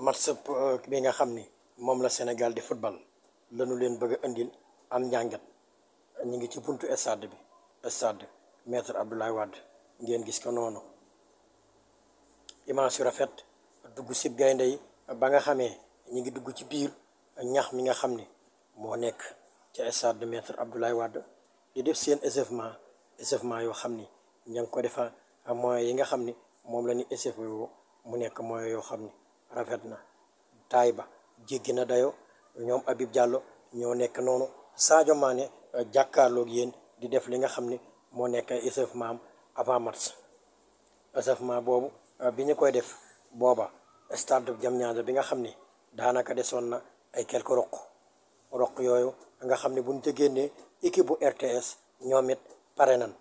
match euh, bii nga xam ni moom la Sénégal di football lanu leen bëgg a indil am njàngat ñu ngi ci buntu stade bi stade maître Abdoulaye Wade ngeen gis ko noonu image yu rafet dugg si gaynde yi ba nga xamee ñu ngi dugg ci biir ñax mi nga xam ni moo nekk ca stade maître Abdoulaye Wade di def seen échauffement échauffement yoo xam ni ña ngi ko defa moyens yi nga xam ni moom la ñu échauffé woo mu nekk moyen yoo xam ni rafet na taay ba jéggi na dayoo ñoom Habib Diallo ñoo nekk noonu Sadio Mané euh, jàkkaarloog yéen di def li nga xam ni moo nekk échauffement avant match échauffement boobu euh, bi ñu koy def booba stade Diamniadio bi nga xam ni daanaka desoon na ay quelques roq roq yooyu nga xam ne bu ñu ca génnee équipe bu RTS ñoom it pare nan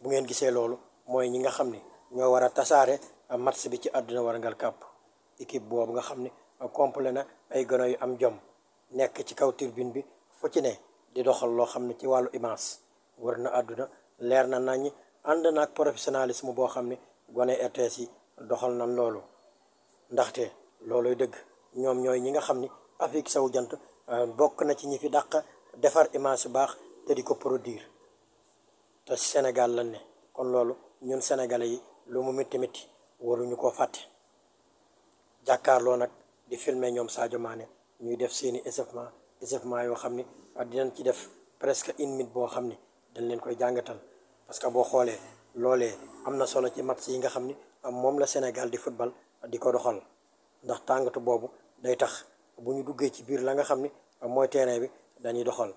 bu ngeen gisee loolu mooy ñi nga xam ni ñoo war a tasaare euh, match bi ci àdduna warangal kàpp équipe boobu nga xam ne complet na ay gone yu am jom nekk ci kaw tirbine bi fu ci ne di doxal loo xam ne ci wàllu image wër na àdduna leer na nañ ànd ak professionnalisme boo xam ne gone RTS yi doxal na loolu ndaxte looluy dëgg ñoom ñooy ñi nga xam ni Afrique saw jant euh, bokk na ci ñi fi daq defar image yu baax te di ko produire te Sénégal la ne kon loolu ñun sénégalais yi lu mu métti métti waruñu koo fàtte. jàkkaarloo nag di filmer ñoom Sadio Mané ñuy def seeni échauffement échauffement yoo xam ni dinañ ci def presque une boo xam ni dañ leen koy jàngatal parce que boo xoolee loolee am na solo ci match yi nga xam ni moom la Sénégal di football di ko doxal ndax tàngatu boobu day tax bu ñu duggee ci biir la nga xam ni mooy terrain bi dañuy doxal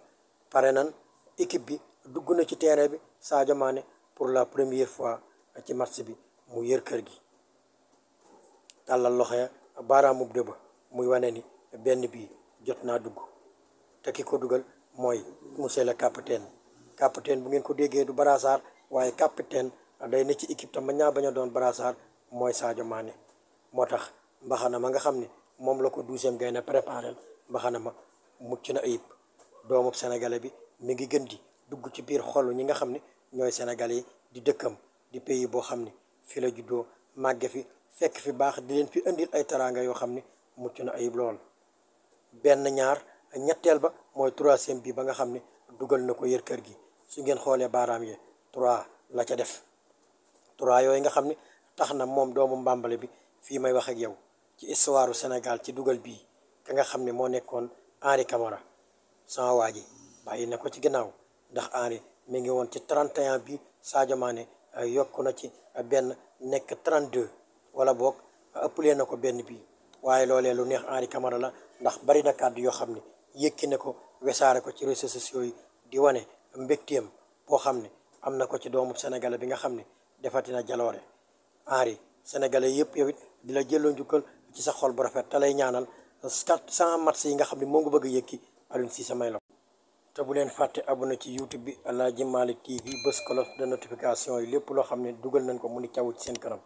pare nan équipe bi dugg na ci terrain bi Sadio Mané pour la première fois ci match bi mu yër kër gi tàllal loxo ya baaraamub dëba muy wane ni benn bii jot naa dugg te ki ko dugal mooy monsieur le capitaine capitaine bu ngeen ko déggee du brassard waaye capitaine day ne ci équipe tam ma ñaa bañ doon brassard mooy Sadio Mané moo tax mbaxana ma nga xam ne moom la ko douzième gaynde préparé mbaxana ma mucc na ayib doomu sénégalais bi mu ngi gën di dugg ci biir xolu ñi nga xam ne ñooy sénégalais yi di dëkkam di pays boo xam ni fi la juddoo màgge fi fekk fi baax di leen fi indil ay taraanga yoo xam ne mucc na ayib lool benn ñaar ñetteel ba mooy troisième bii ba nga xam ne dugal na ko yër kër gi su ngeen xoolee baaraam yi trois la ca def trois yooyu nga xam ne tax na moom doomu mbàmbale bi fii may wax ak yow ci histoire Sénégal ci dugal bii ka nga xam ne moo nekkoon Henri Camara sama waa ji bàyyi na ko ci ginnaaw ndax Henri mi ngi woon ci 31 bi Sadio ay yokk na ci benn nekk 32 wala boog leen na ko benn bii waaye loolee lu neex Henri Camara la ndax bari na kàddu yoo xam ne yëkki na ko wesaare ko ci réseaux sociaux yi di wane mbégteem boo xam ne am na ko ci doomu sénégalais bi nga xam ne defatina jaloore Henri sénégalais yëpp yow it di la jël jëlloo njukkal ci sa xol bu rafet te lay ñaanal quatre cent match yi nga xam ne moo ngi bëgg a yëkki Aliou Cissé may la te bu leen fàtte abonné ci youtube bi laa Malick TV bés cloche de notification yi lépp loo xam ne dugal nañ ko mu ni caw ci seen kanam